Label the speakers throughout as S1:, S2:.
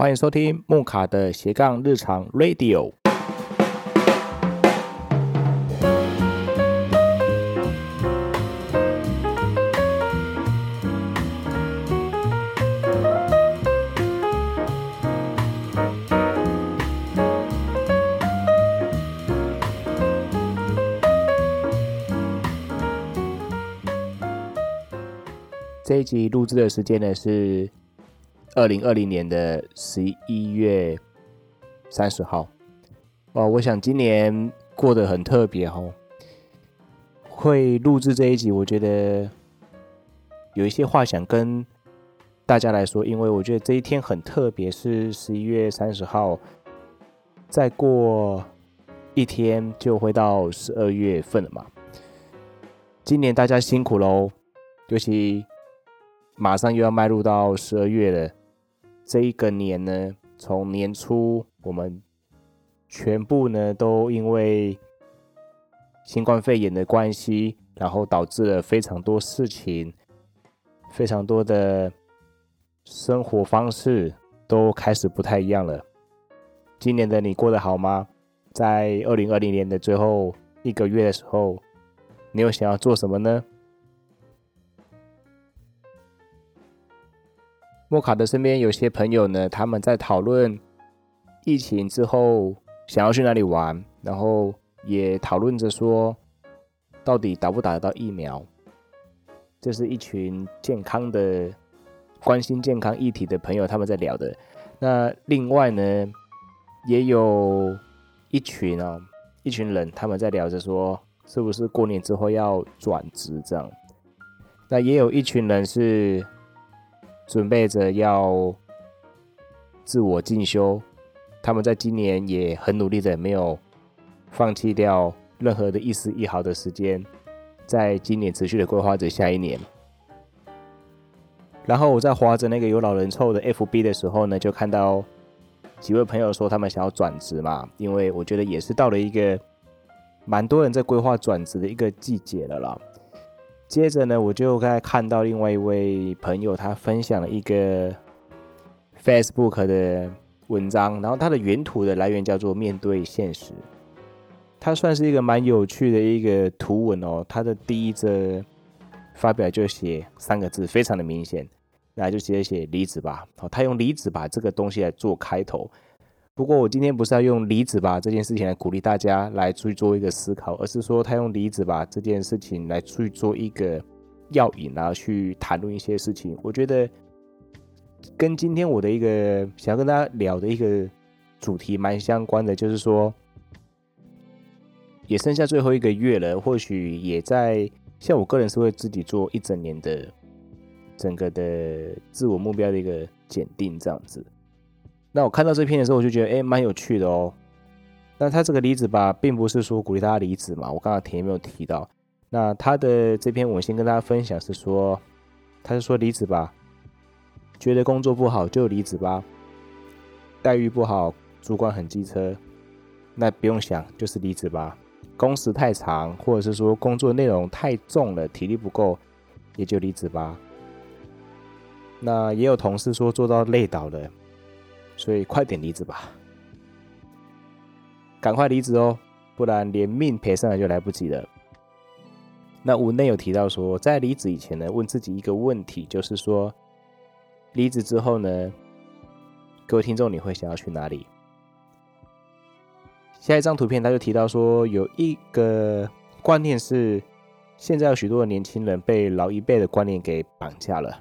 S1: 歡迎收聽木卡的斜槓日常 Radio。這一集錄製的時間呢，是。二零二零年的十一月三十號哦，我想今年過得很特別哦，會錄制這一集，我覺得有一些話想跟大家來說，因為我覺得這一天很特別，是十一月三十號。再過一天就會到十二月份了嘛。今年大家辛苦嘍，尤其馬上又要邁入到十二月了。這一個年呢，從年初我們全部呢都因為新冠肺炎的關係，然後導致了非常多事情，非常多的生活方式都開始不太一樣了。今年的你過得好嗎？在二零二零年的最後一個月的時候，你又想要做什麼呢？莫卡的身邊有些朋友呢，他們在討論疫情之後想要去哪裡玩，然後也討論着說到底打不打得到疫苗。這是一群健康的、關心健康議題的朋友，他們在聊的。那另外呢，也有一群哦、啊，一群人他們在聊着說是不是過年之後要轉職這樣。那也有一群人是準備着要自我進修，他們在今年也很努力的，沒有放棄掉任何的一絲一毫的時間，在今年持續的規劃着下一年。然後我在滑著那個有老人臭的 FB 的時候呢，就看到幾位朋友說他們想要轉職嘛，因為我覺得也是到了一個蠻多人在規劃轉職的一個季節了啦。接着呢，我就該看到另外一位朋友，他分享了一個 Facebook 的文章，然後它的原圖的來源叫做“面對現實”，它算是一個蠻有趣的一個圖文哦。它的第一則發表就寫三個字，非常的明顯，那就直接寫離子吧。哦，他用離子把這個東西來做開頭。不過我今天不是要用離子吧這件事情來鼓勵大家來去做一個思考，而是說他用離子吧這件事情來去做一個藥引啊，然後去談論一些事情。我覺得跟今天我的一個想要跟大家聊的一個主題蠻相關的，就是說也剩下最後一個月了，或許也在像我個人是會自己做一整年的整個的自我目標的一個檢定這樣子。那我看到這篇的時候，我就覺得誒，蠻有趣的喔。那他這個離職吧，並不是說鼓勵大家離職嘛。我剛剛提沒有提到。那他的這篇，我先跟大家分享是說，他是說離職吧，覺得工作不好就離職吧，待遇不好，主管很機車，那不用想就是離職吧。工時太長，或者是說工作內容太重了，體力不夠，也就離職吧。那也有同事說做到累倒了。所以快點離職吧，趕快離職哦，不然連命賠上來就來不及了。那文內有提到說，在離職以前呢，問自己一個問題，就是說，離職之後呢，各位聽眾你會想要去哪裡？下一張圖片他就提到說，有一個觀念是，現在有許多的年輕人被老一輩的觀念給綁架了，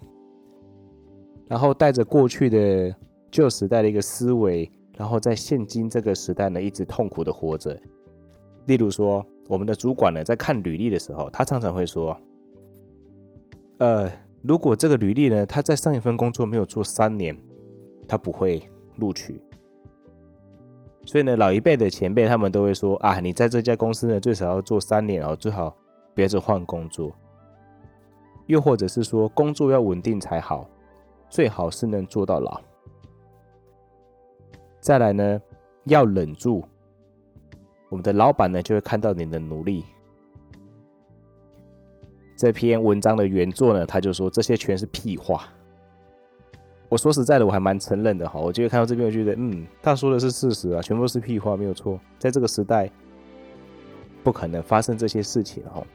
S1: 然後帶着過去的。舊時代的一個思維，然後在現今這個時代呢，一直痛苦的活着。例如說，我們的主管呢，在看履歷的時候，他常常會說：“呃，如果這個履歷呢，他在上一份工作沒有做三年，他不會錄取。”所以呢，老一輩的前輩他們都會說：“啊，你在這家公司呢，最少要做三年哦，最好別是換工作。”又或者是說，工作要穩定才好，最好是能做到老。再來呢，要忍住，我們的老闆呢就會看到你的努力。這篇文章的原作呢，他就說，這些全是屁話。我說實在的，我還蠻承認的哈。我就會看到這邊，我覺得，嗯，他說的是事實啊，全部是屁話，沒有錯。在這個時代，不可能發生這些事情哈。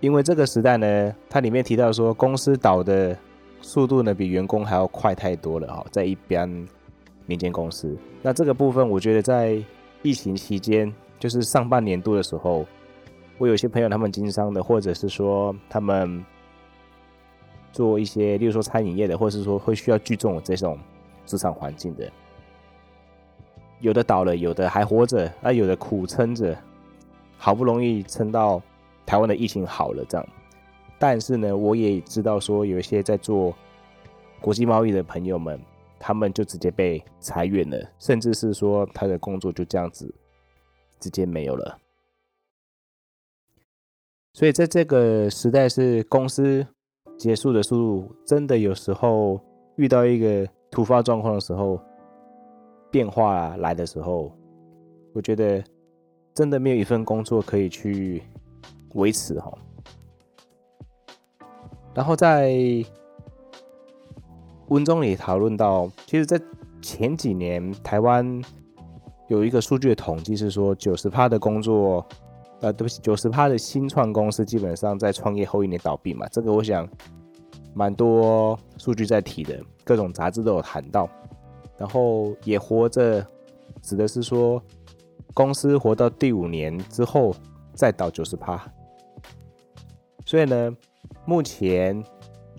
S1: 因為這個時代呢，它裡面提到說，公司倒的速度呢，比員工還要快太多了哈。在一邊。民間公司，那這個部分，我覺得在疫情期間，就是上半年度的時候，我有些朋友他們經商的，或者是說他們做一些，例如說餐飲業的，或者是說會需要聚眾這種職場環境的，有的倒了，有的還活着，啊，有的苦撐着，好不容易撐到台灣的疫情好了這樣，但是呢，我也知道說有一些在做國際貿易的朋友們。他們就直接被裁員了，甚至是說他的工作就這樣子直接沒有了。所以在這個時代，是公司結束的速度，真的有時候遇到一個突發狀況的時候，變化來的時候，我覺得真的沒有一份工作可以去維持哈。然後在。文中也討論到，其實，在前幾年，台灣有一個數據的統計是說，九十趴的工作，呃，對不起，九十趴的新創公司基本上在創業後一年倒閉嘛。這個我想蠻多數據在提的，各種雜誌都有談到。然後也活着，指的是說公司活到第五年之後，再倒九十趴。所以呢，目前。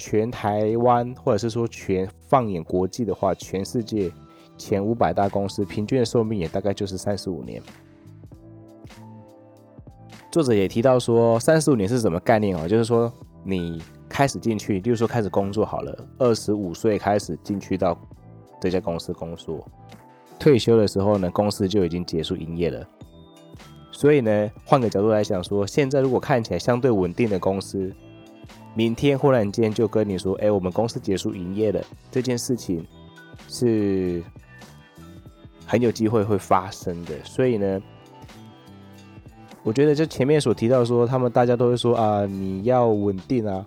S1: 全台灣，或者是說全放眼國際的話，全世界前五百大公司平均的壽命也大概就是三十五年。作者也提到說，三十五年是什麼概念哦？就是說你開始進去，例如說開始工作好了，二十五歲開始進去到這家公司工作，退休的時候呢，公司就已經結束營業了。所以呢，換個角度來想說，現在如果看起來相對穩定的公司。明天忽然間就跟你說，哎、欸，我們公司結束營業了，這件事情是很有機會會發生的。所以呢，我覺得就前面所提到的說，他們大家都會說啊，你要穩定啊，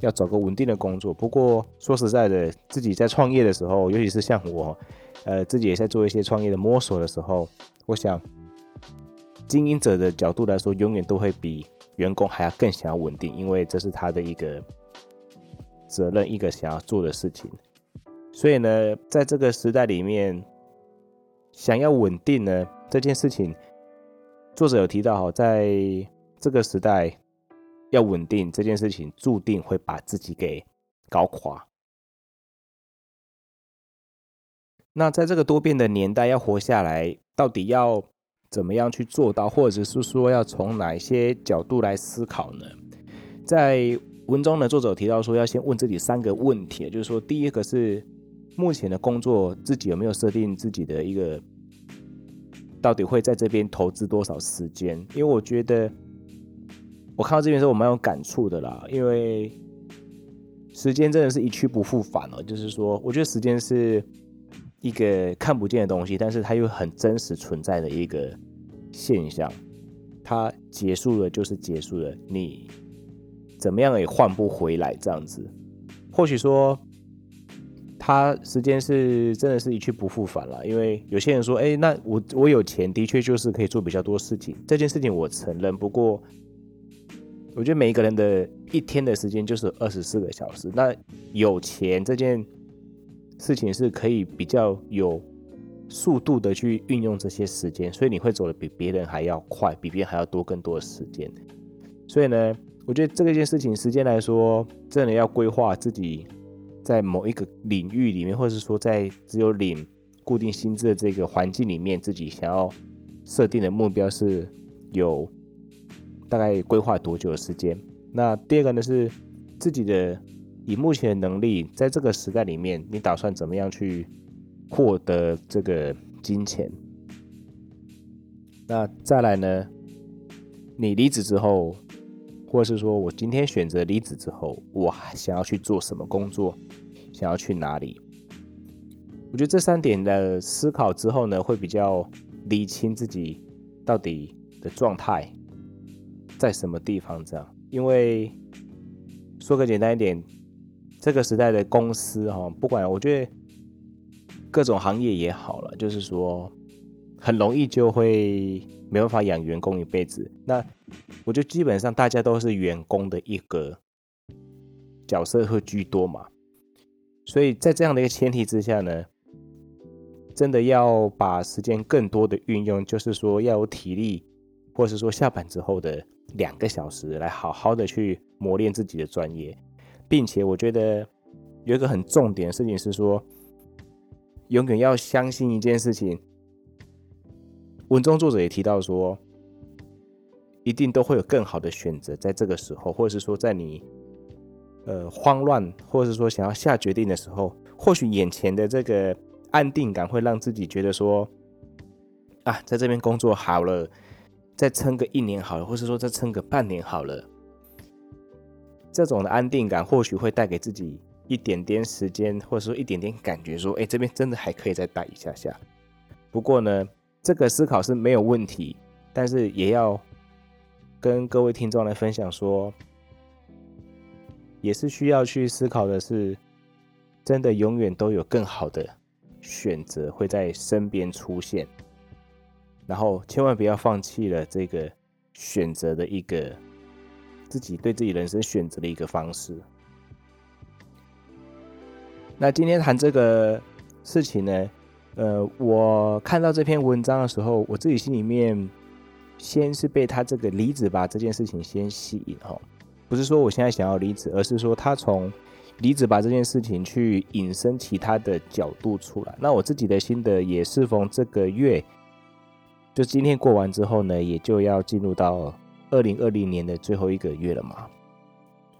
S1: 要找個穩定的工作。不過說實在的，自己在創業的時候，尤其是像我，呃，自己也在做一些創業的摸索的時候，我想，經營者的角度來說，永遠都會比。員工還要更想要穩定，因為這是他的一個責任，一個想要做的事情。所以呢，在這個時代裡面，想要穩定呢，這件事情，作者有提到哈，在這個時代要穩定這件事情，注定會把自己給搞垮。那在這個多變的年代，要活下來，到底要？怎麼樣去做到，或者是說要從哪些角度來思考呢？在文中的作者提到說，要先問自己三個問題，就是說，第一個是目前的工作自己有沒有設定自己的一個，到底會在這邊投資多少時間？因為我覺得我看到這邊的時候，我蠻有感觸的啦，因為時間真的是一去不復返了喔。就是說，我覺得時間是一個看不見的東西，但是它又很真實存在的一個。現象，它結束了就是結束了，你怎麼樣也換不回來。這樣子，或許說，他時間是真的是一去不復返了。因為有些人說，哎、欸，那我我有錢，的確就是可以做比較多事情。這件事情我承認，不過，我覺得每一個人的一天的時間就是二十四個小時。那有錢這件事情是可以比較有速度的去運用這些時間，所以你會走得比別人還要快，比別人還要多更多的時間。所以呢，我覺得這個件事情，時間來說，真的要規劃自己在某一個領域裡面，或者是說在只有領固定薪資的這個環境裡面，自己想要設定的目標是有大概規劃多久的時間。那第二個呢，是自己的以目前的能力，在這個時代裡面，你打算怎麼樣去？獲得這個金錢，那再來呢？你離職之後，或是說我今天選擇離職之後，我還想要去做什麼工作？想要去哪裡？我覺得這三點的思考之後呢，會比較釐清自己到底的狀態在什麼地方。這樣，因為說個簡單一點，這個時代的公司哈，不管我覺得。各種行業也好了，就是說很容易就會沒辦法養員工一輩子。那我就基本上大家都是員工的一個角色會居多嘛，所以在這樣的一個前提之下呢，真的要把時間更多的運用，就是說要有體力，或是說下班之後的兩個小時來好好的去磨練自己的專業，並且我覺得有一個很重點的事情是說。永遠要相信一件事情，文中作者也提到說，一定都會有更好的選擇。在這個時候，或者是說，在你呃慌亂，或者是說想要下決定的時候，或許眼前的這個安定感，會讓自己覺得說，啊，在這邊工作好了，再撐個一年好了，或是說再撐個半年好了，這種的安定感，或許會帶給自己一點點時間，或者說一點點感覺說，哎，這邊真的還可以再待一下下。不過呢，這個思考是沒有問題，但是也要跟各位聽眾來分享說，也是需要去思考的是，真的永遠都有更好的選擇會在身邊出現，然後千萬不要放棄了這個選擇的一個自己對自己人生選擇的一個方式。那今天談這個事情呢，呃，我看到這篇文章的時候，我自己心裡面先是被他這個離職吧這件事情先吸引哈、喔，不是說我現在想要離職，而是說他從離職吧這件事情去引申其他的角度出來。那我自己的心得也，是從這個月，就今天過完之後呢，也就要進入到二零二零年的最後一個月了嘛，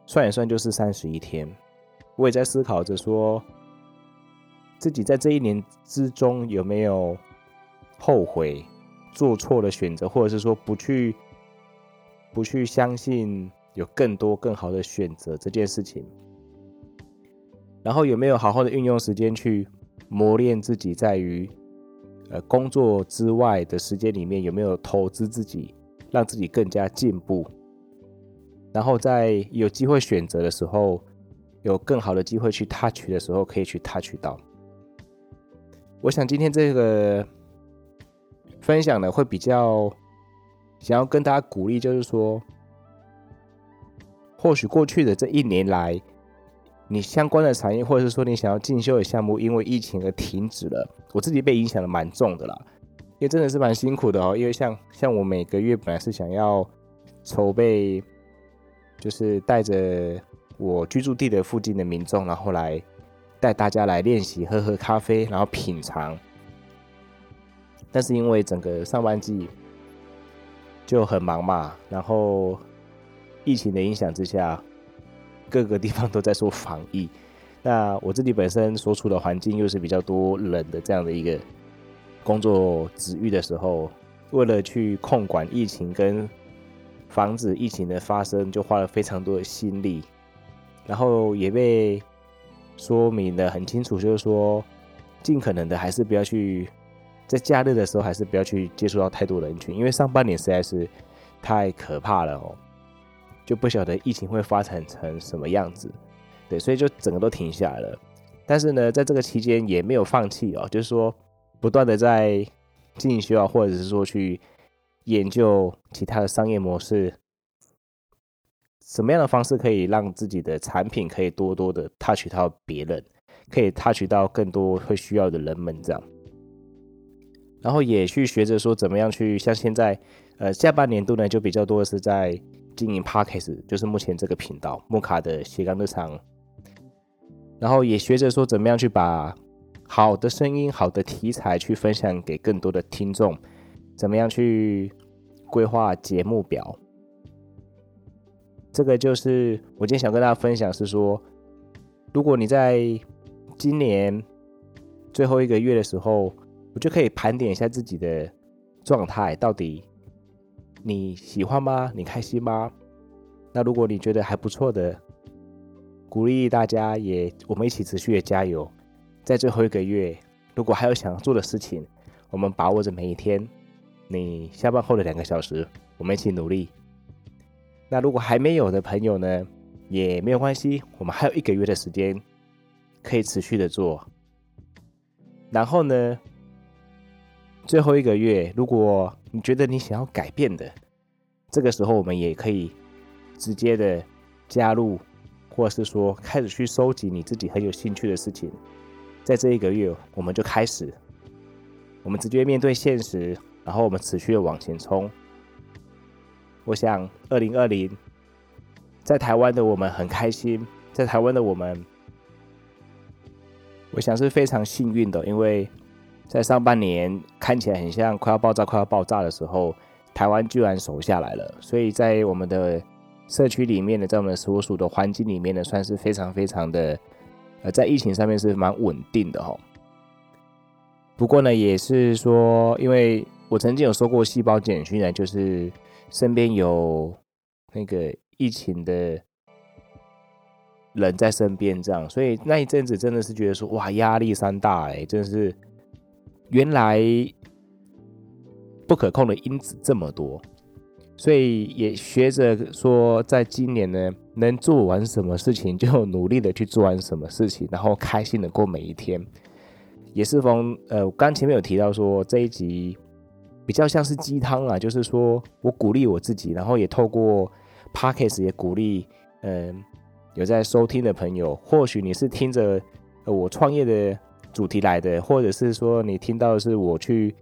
S1: 算一算就是三十一天。我也在思考着，說自己在這一年之中有沒有後悔做錯的選擇，或者是說不去不去相信有更多更好的選擇這件事情。然後有沒有好好的運用時間去磨練自己，在於呃工作之外的時間裡面有沒有投資自己，讓自己更加進步。然後在有機會選擇的時候。有更好的機會去 touch 的時候，可以去 touch 到。我想今天這個分享呢，會比較想要跟大家鼓勵，就是說，或許過去的這一年來，你相關的產業或者是說你想要進修的項目，因為疫情而停止了。我自己被影響的蠻重的啦，因為真的是蠻辛苦的哦、喔。因為像像我每個月本來是想要籌備，就是帶着。我居住地的附近的民眾，然後來帶大家來練習喝喝咖啡，然後品嘗。但是因為整個上半季就很忙嘛，然後疫情的影響之下，各個地方都在做防疫。那我自己本身所處的環境又是比較多人的這樣的一個工作職域的時候，為了去控管疫情跟防止疫情的發生，就花了非常多的心力。然後也被說明的很清楚，就是說，盡可能的還是不要去在假日的時候，還是不要去接觸到太多人群，因為上半年實在是太可怕了哦、喔，就不曉得疫情會發展成什麼樣子，對，所以就整個都停下來了。但是呢，在這個期間也沒有放棄哦，就是說，不斷的在進修啊，或者是說去研究其他的商業模式。什麼樣的方式可以讓自己的產品可以多多的 touch 到別人，可以 touch 到更多會需要的人們這樣，然後也去學着說怎麼樣去像現在，呃，下半年度呢就比較多的是在經營 podcast，就是目前這個頻道莫卡的斜槓日常，然後也學着說怎麼樣去把好的聲音、好的題材去分享給更多的聽眾，怎麼樣去規劃節目表。這個就是我今天想跟大家分享，是說，如果你在今年最後一個月的時候，我就可以盤點一下自己的狀態，到底你喜歡嗎？你開心嗎？那如果你覺得還不錯的，鼓勵大家也我們一起持續的加油。在最後一個月，如果還有想要做的事情，我們把握着每一天，你下班後的兩個小時，我們一起努力。那如果還沒有的朋友呢，也沒有關係，我們還有一個月的時間可以持續的做。然後呢，最後一個月，如果你覺得你想要改變的，這個時候我們也可以直接的加入，或是說開始去收集你自己很有興趣的事情。在這一個月，我們就開始，我們直接面對現實，然後我們持續的往前衝。我想，二零二零在台灣的我們很開心，在台灣的我們，我想是非常幸運的，因為在上半年看起來很像快要爆炸，快要爆炸的時候，台灣居然守下來了。所以在我們的社區裡面呢，在我們所屬的環境裡面呢，算是非常非常的呃，在疫情上面是蠻穩定的吼，不過呢，也是說，因為我曾經有說過細胞簡訊呢，就是。身邊有那個疫情的人在身邊，這樣，所以那一陣子真的是覺得說，哇，壓力山大哎、欸，真的是原來不可控的因子這麼多，所以也學着說，在今年呢，能做完什麼事情就努力的去做完什麼事情，然後開心的過每一天。也是從呃，剛前面有提到說這一集。比較像是雞湯啊，就是說我鼓勵我自己，然後也透過 podcast 也鼓勵，嗯、呃，有在收聽的朋友，或許你是聽着我創業的主題來的，或者是說你聽到的是我去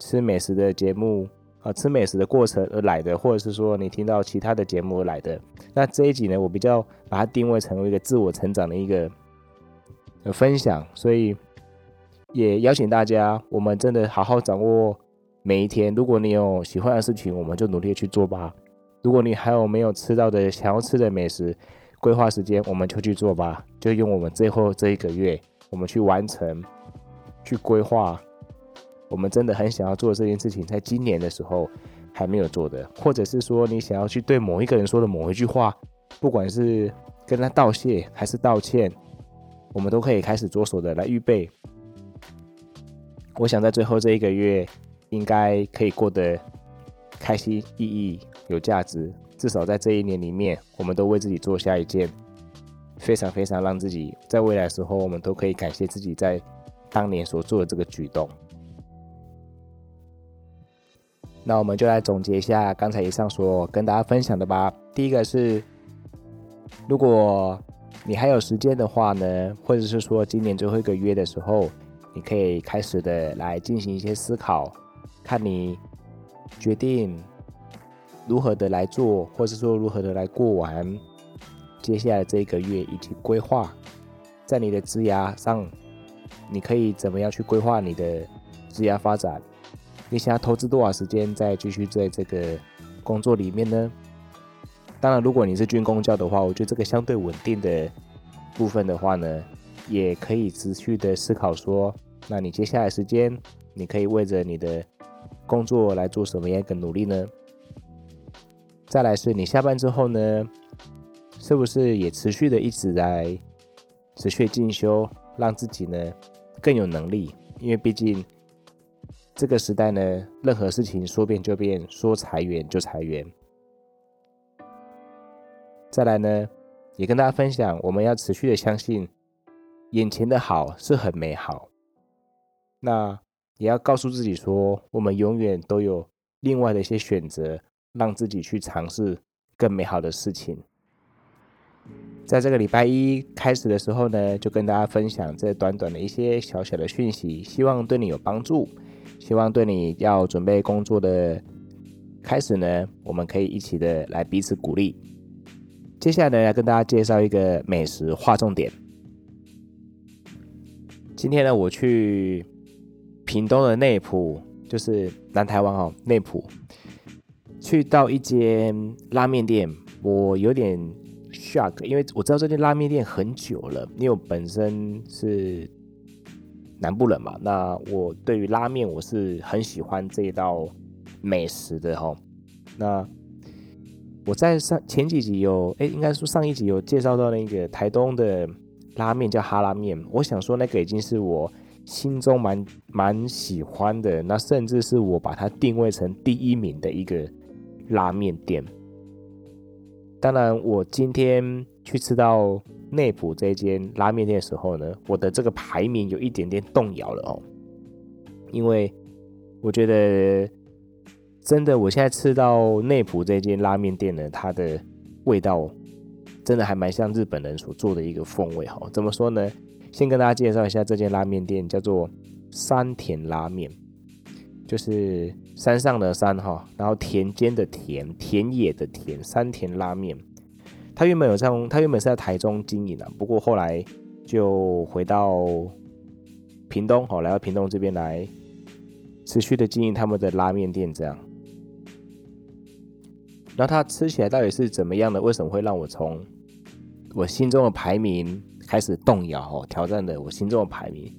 S1: 吃美食的節目啊、呃，吃美食的過程而來的，或者是說你聽到其他的節目而來的，那這一集呢，我比較把它定位成為一個自我成長的一個、呃、分享，所以也邀請大家，我們真的好好掌握。每一天，如果你有喜歡的事情，我們就努力去做吧。如果你還有沒有吃到的、想要吃的美食，規劃時間，我們就去做吧。就用我們最後這一個月，我們去完成、去規劃，我們真的很想要做這件事情，在今年的時候還沒有做的，或者是說你想要去對某一個人說的某一句話，不管是跟他道謝還是道歉，我們都可以開始着手的來預備。我想在最後這一個月，應該可以過得開心、意義、有價值。至少在這一年裡面，我們都為自己做下一件非常非常讓自己在未來的時候，我們都可以感謝自己在當年所做的這個舉動。那我們就來總結一下剛才以上所跟大家分享的吧。第一個是，如果你還有時間的話呢，或者是說今年最後一個月的時候，你可以開始的來進行一些思考。看你決定如何的來做，或是說如何的來過完接下來這一個月，以及規劃在你的職涯上，你可以怎麼樣去規劃你的職涯發展？你想要投資多少時間再繼續在這個工作裡面呢？當然，如果你是軍公教的話，我覺得這個相對穩定的部分的話呢，也可以持續的思考說，那你接下來的時間，你可以為着你的。工作來做什麼樣的努力呢？再來是你下班之後呢，是不是也持續的一直來持續進修，讓自己呢更有能力？因為畢竟這個時代呢，任何事情說變就變，說裁員就裁員。再來呢，也跟大家分享，我們要持續的相信眼前的好是很美好。那。也要告訴自己說，我們永遠都有另外的一些選擇，讓自己去嘗試更美好的事情。在這個禮拜一開始的時候呢，就跟大家分享這短短的一些小小的訊息，希望對你有幫助，希望對你要準備工作的開始呢，我們可以一起的來彼此鼓勵。接下來呢，要跟大家介紹一個美食畫重點。今天呢，我去。屏東的內埔，就是南台灣哦，內埔。去到一間拉麵店，我有點 shock，因為我知道這間拉麵店很久了，因為我本身是南部人嘛，那我對於拉麵我是很喜歡這一道美食的哈。那我在上前幾集有，哎、欸，應該說上一集有介紹到那個台東的拉麵叫哈拉麵，我想說那個已經是我。心中蠻蠻喜歡的，那甚至是我把它定位成第一名的一個拉麵店。當然，我今天去吃到內埔這間拉麵店的時候呢，我的這個排名有一點點動搖了哦，因為我覺得真的，我現在吃到內埔這間拉麵店呢，它的味道真的還蠻像日本人所做的一個風味哦，怎麼說呢？先跟大家介紹一下這間拉麵店，叫做山田拉麵，就是山上的山哈，然後田間的田，田野的田，山田拉麵。它原本有在，它原本是在台中經營的。不過後來就回到屏東，後來到屏東這邊來持續的經營他們的拉麵店，這樣。那它吃起來到底是怎麼樣的？為什麼會讓我從我心中的排名開始動搖哦，挑戰的我心中的排名。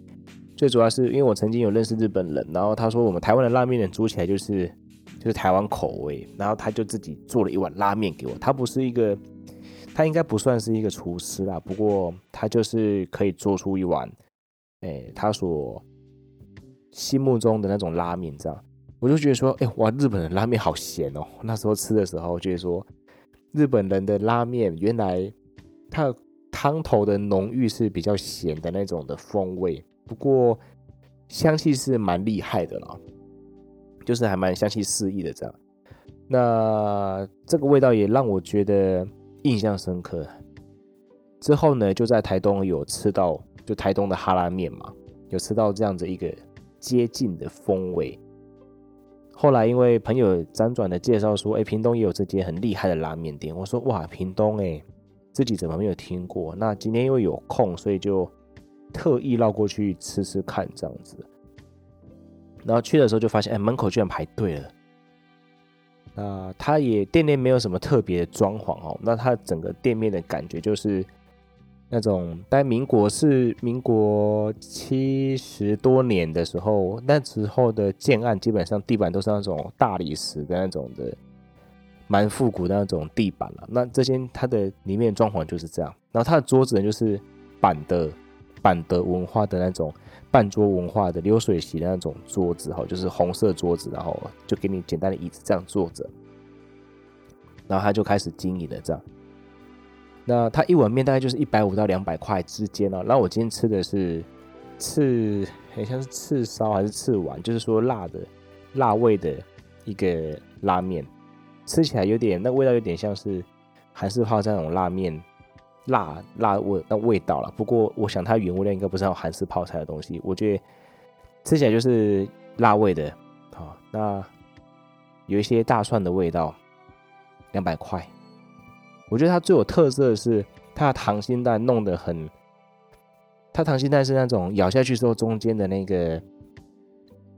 S1: 最主要是因為我曾經有認識日本人，然後他說我們台灣的拉麵人煮起來就是就是台灣口味，然後他就自己做了一碗拉面給我。他不是一個，他應該不算是一個廚師啦，不過他就是可以做出一碗，欸、他所心目中的那種拉面這樣。我就覺得說，哎、欸、哇，日本人的拉面好鹹哦、喔。那時候吃的時候我就覺得說，日本人的拉面原來他。湯頭的濃郁是比較鹹的那種的風味，不過香氣是蠻厲害的啦，就是還蠻香氣四溢的這樣。那這個味道也讓我覺得印象深刻。之後呢，就在台東有吃到，就台東的哈拉面嘛，有吃到這樣子一個接近的風味。後來因為朋友輾轉的介紹說，哎，屏東也有這間很厲害的拉麵店，我說哇，屏東哎、欸。自己怎麼沒有聽過？那今天因為有空，所以就特意繞過去吃吃看，這樣子。然後去的時候就發現，哎，門口居然排隊了。那它也店內沒有什麼特別的裝潢哦，那它整個店面的感覺就是那種在民國，是民國七十多年的時候，那時候的建案基本上地板都是那種大理石的那種的。蠻復古的那種地板了、啊，那這間它的裡面裝潢就是這樣。然後它的桌子就是板的，板的文化的那種辦桌文化的流水席的那種桌子哈，就是紅色桌子，然後就給你簡單的椅子這樣坐着，然後他就開始經營了這樣。那他一碗面大概就是一百五到兩百塊之間哦、啊。然後我今天吃的是赤，很像是赤燒還是赤丸，就是說辣的辣味的一個拉麵。吃起來有點，那味道有點像是韓式泡菜那種辣麵辣辣味那個味道了。不過我想它原物料應該不是那種韓式泡菜的東西，我覺得吃起來就是辣味的啊。那有一些大蒜的味道，兩百塊。我覺得它最有特色的是它的溏心蛋弄得很，它溏心蛋是那種咬下去之後中間的那個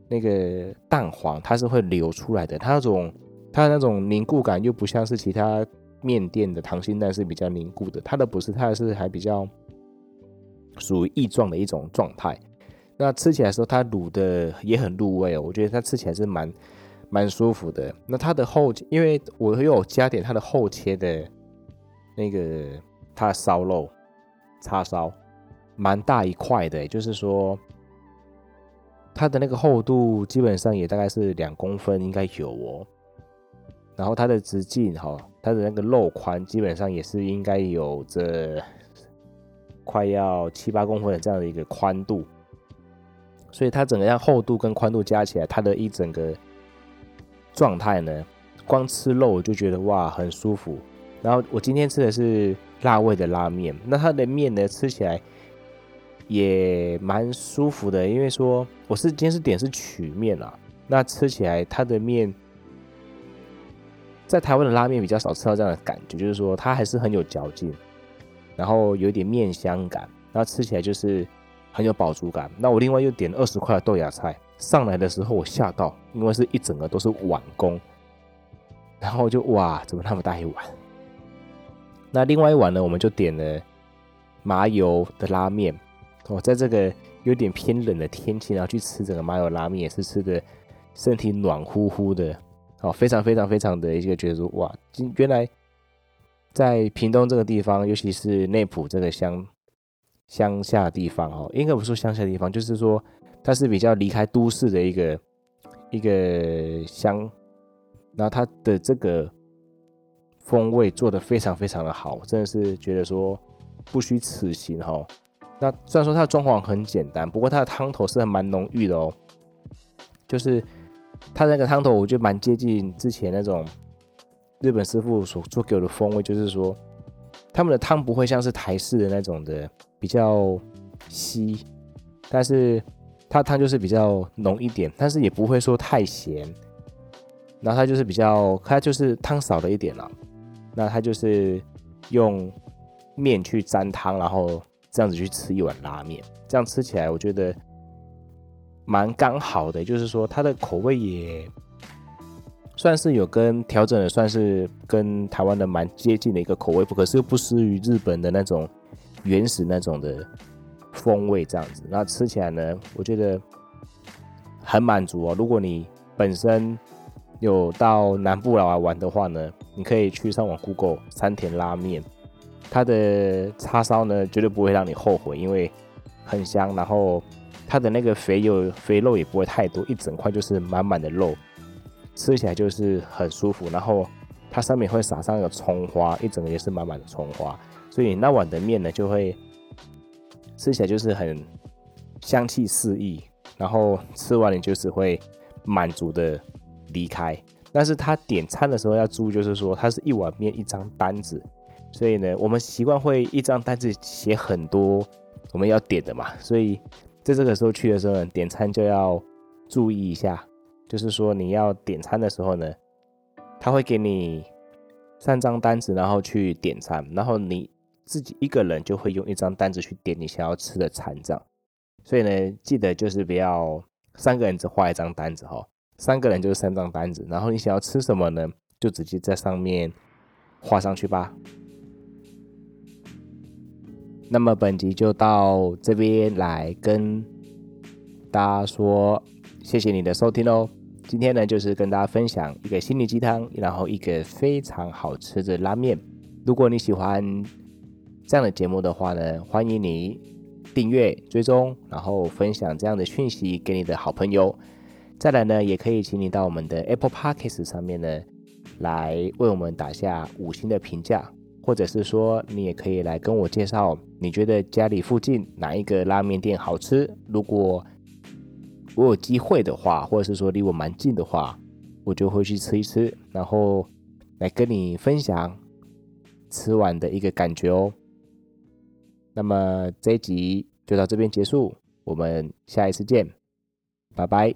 S1: 那個蛋黃，它是會流出來的，它那種。它的那種凝固感又不像是其他麵店的溏心蛋是比較凝固的，它的不是，它是還比較屬於液狀的一種狀態。那吃起來的時候，它滷的也很入味哦，我覺得它吃起來是蠻蠻舒服的。那它的厚，因為我有加點它的厚切的，那個它的燒肉叉燒，蠻大一塊的，就是說它的那個厚度基本上也大概是兩公分應該有哦。然後它的直徑哈，它的那個肉寬基本上也是應該有着快要七八公分的這樣的一個寬度，所以它整個像厚度跟寬度加起來，它的一整個狀態呢，光吃肉就覺得哇，很舒服。然後我今天吃的是辣味的拉麵，那它的麵呢，吃起來也蠻舒服的，因為說我是今天是點是曲麵啊，那吃起來它的麵。在台灣的拉麵比較少吃到這樣的感覺，就是說它還是很有嚼勁，然後有一點麵香感，然後吃起來就是很有飽足感。那我另外又點二十塊的豆芽菜，上來的時候我嚇到，因為是一整個都是碗公，然後就哇，怎麼那麼大一碗？那另外一碗呢，我們就點了麻油的拉麵。哦，在這個有點偏冷的天氣，然後去吃這個麻油拉麵，也是吃的身體暖乎乎的。哦，非常非常非常的一個覺得哇，原來在屏東這個地方，尤其是內埔這個鄉鄉下的地方哦、喔，應該不是鄉下的地方，就是說它是比較離開都市的一個一個鄉，那它的這個風味做的非常非常的好，真的是覺得說不虛此行哦、喔。那雖然說它的裝潢很簡單，不過它的湯頭是蠻濃郁的哦、喔，就是。他那個湯頭，我就蠻接近之前那種日本師傅所做給我的風味，就是說他們的湯不會像是台式的那種的比較稀，但是他湯就是比較濃一點，但是也不會說太鹹，然後他就是比較，他就是湯少了一點了，那他就是用麵去沾湯，然後這樣子去吃一碗拉麵，這樣吃起來我覺得。蠻剛好的，就是說它的口味也算是有跟調整的，算是跟台灣的蠻接近的一個口味，不可是又不失於日本的那種原始那種的風味，這樣子。那吃起來呢，我覺得很滿足哦、喔。如果你本身有到南部來玩的話呢，你可以去上網 Google 山田拉麵，它的叉燒呢絕對不會讓你後悔，因為很香，然後。它的那個肥油、肥肉也不會太多，一整塊就是滿滿的肉，吃起來就是很舒服。然後它上面會撒上一個蔥花，一整個也是滿滿的蔥花，所以那碗的麵呢就會吃起來就是很香氣四溢。然後吃完了就是會滿足的離開。但是他點餐的時候要注意，就是說它是一碗麵一張單子，所以呢，我們習慣會一張單子寫很多我們要點的嘛，所以。在這個時候去的時候呢，點餐就要注意一下，就是說你要點餐的時候呢，他會給你三張單子，然後去點餐，然後你自己一個人就會用一張單子去點你想要吃的餐這樣，所以呢，記得就是不要三個人只畫一張單子哈，三個人就是三張單子，然後你想要吃什麼呢，就直接在上面畫上去吧。那麼本集就到這邊來跟大家說，謝謝你的收聽哦，今天呢，就是跟大家分享一個心靈雞湯，然後一個非常好吃的拉麵。如果你喜歡這樣的節目的話呢，歡迎你訂閱、追蹤，然後分享這樣的訊息給你的好朋友。再來呢，也可以請你到我們的 Apple Podcast 上面呢，來為我們打下五星的評價。或者是說，你也可以來跟我介紹，你覺得家裡附近哪一個拉麵店好吃？如果我有機會的話，或者是說，離我蠻近的話，我就會去吃一吃，然後來跟你分享吃完的一個感覺哦。那麼這一集就到這邊結束，我們下一次見，拜拜。